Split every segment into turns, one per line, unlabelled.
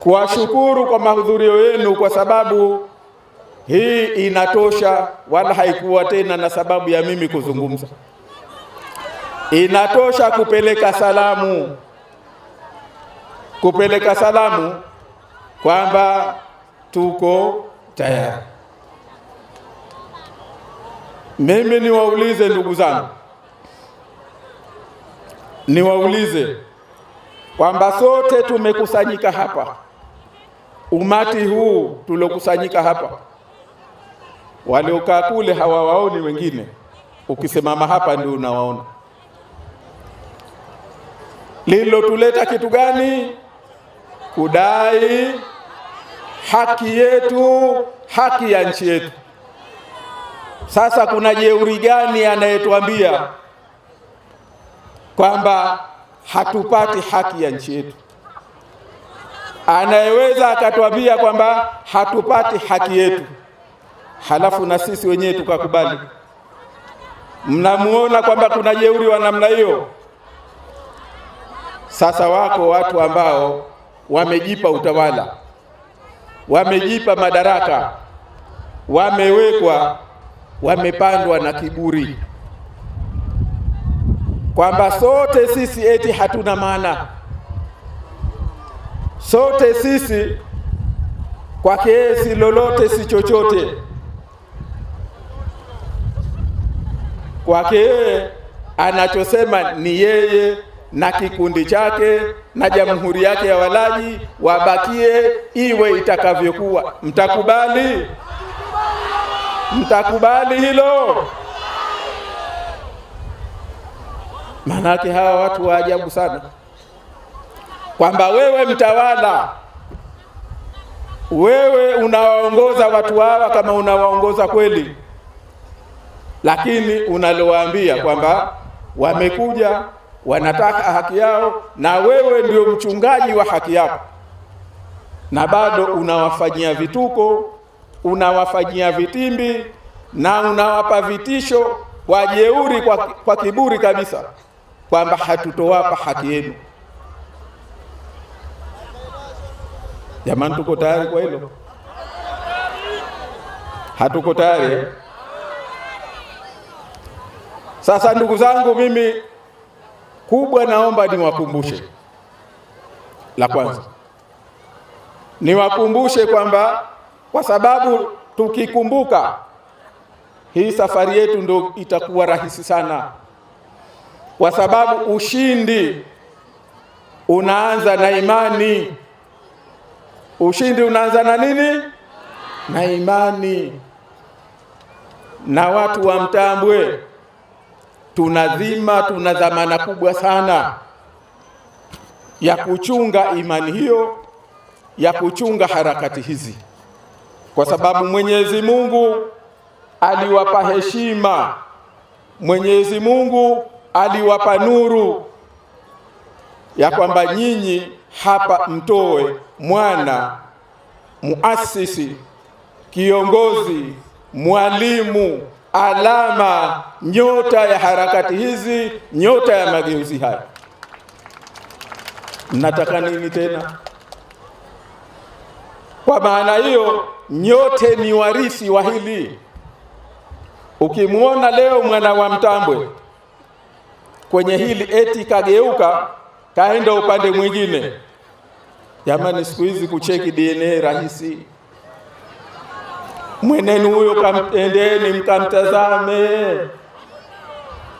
kuwashukuru kwa mahudhurio yenu, kwa sababu hii inatosha, wala haikuwa tena na sababu ya mimi kuzungumza. Inatosha kupeleka salamu, kupeleka salamu kwamba tuko tayari. Mimi niwaulize ndugu zangu, niwaulize kwamba sote tumekusanyika hapa umati huu tuliokusanyika hapa, waliokaa kule hawawaoni wengine, ukisimama hapa ndio unawaona. Lililotuleta kitu gani? Kudai haki yetu, haki ya nchi yetu. Sasa kuna jeuri gani anayetuambia kwamba hatupati haki ya nchi yetu? anayeweza akatuambia kwamba hatupati haki yetu, halafu na sisi wenyewe tukakubali. Mnamuona kwamba kuna jeuri wa namna hiyo. Sasa wako watu ambao wamejipa utawala, wamejipa madaraka, wamewekwa, wamepandwa na kiburi, kwamba sote sisi eti hatuna maana sote sisi kwake yeye si lolote, si chochote. Kwake yeye anachosema ni yeye na kikundi chake na jamhuri yake ya walaji wabakie iwe itakavyokuwa. Mtakubali? Mtakubali hilo? Maanake hawa watu wa ajabu sana kwamba wewe mtawala, wewe unawaongoza watu hawa kama unawaongoza kweli, lakini unalowaambia kwamba wamekuja wanataka haki yao, na wewe ndio mchungaji wa haki yao na bado unawafanyia vituko, unawafanyia vitimbi na unawapa vitisho kwa jeuri, kwa, kwa kiburi kabisa kwamba hatutowapa haki yenu. Jamani, tuko tayari kwa hilo? Hatuko tayari. Eh? Sasa ndugu zangu, mimi kubwa naomba niwakumbushe, la kwanza niwakumbushe kwamba kwa sababu tukikumbuka hii safari yetu ndio itakuwa rahisi sana, kwa sababu ushindi unaanza na imani. Ushindi unaanza na nini? Na imani. Na watu wa Mtambwe tunazima, tuna dhamana kubwa sana ya kuchunga imani hiyo, ya kuchunga harakati hizi, kwa sababu Mwenyezi Mungu aliwapa heshima, Mwenyezi Mungu aliwapa nuru ya kwamba nyinyi hapa mtoe mwana, muasisi, kiongozi, mwalimu, alama, nyota ya harakati hizi, nyota ya mageuzi haya. Mnataka nini tena? Kwa maana hiyo, nyote ni warisi wa hili. Ukimwona leo mwana wa Mtambwe kwenye hili eti kageuka kaenda upande mwingine Jamani, siku hizi kucheki DNA rahisi. Mwenenu huyo kamtendeni, mkamtazame,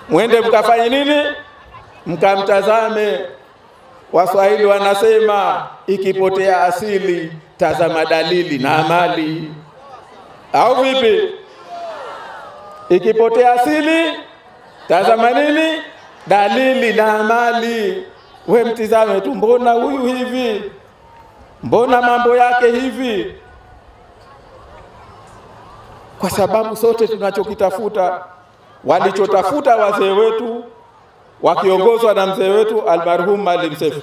mwende mkafanye nini, mkamtazame. Waswahili wanasema ikipotea asili, tazama dalili na amali, au vipi? Ikipotea asili, tazama nini? Dalili na amali. We mtizame tu, mbona huyu hivi Mbona mambo yake hivi? Kwa sababu sote tunachokitafuta, walichotafuta wazee wetu wakiongozwa na mzee wetu almarhum Maalim Seif,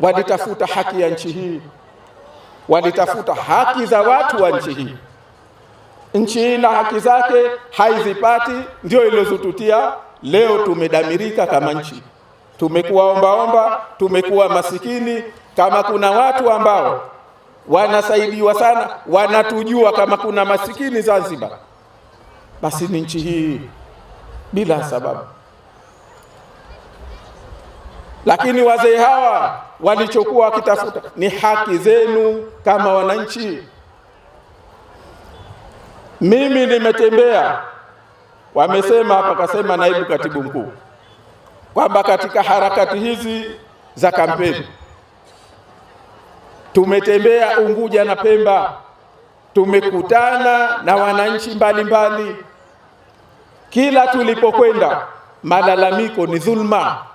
walitafuta haki ya nchi hii, walitafuta haki za watu wa nchi hii. Nchi hii na haki zake haizipati, ndio iliyozututia leo tumedamirika kama nchi, tumekuwa ombaomba, tumekuwa masikini. Kama kuna watu ambao wanasaidiwa sana, wanatujua kama kuna masikini Zanzibar, basi ni nchi hii bila sababu. Lakini wazee hawa walichokuwa wakitafuta ni haki zenu kama wananchi. Mimi nimetembea, wamesema hapa, kasema naibu katibu mkuu kwamba katika harakati hizi za kampeni Tumetembea Unguja na Pemba, tumekutana na wananchi mbalimbali Kila tulipokwenda malalamiko ni dhulma.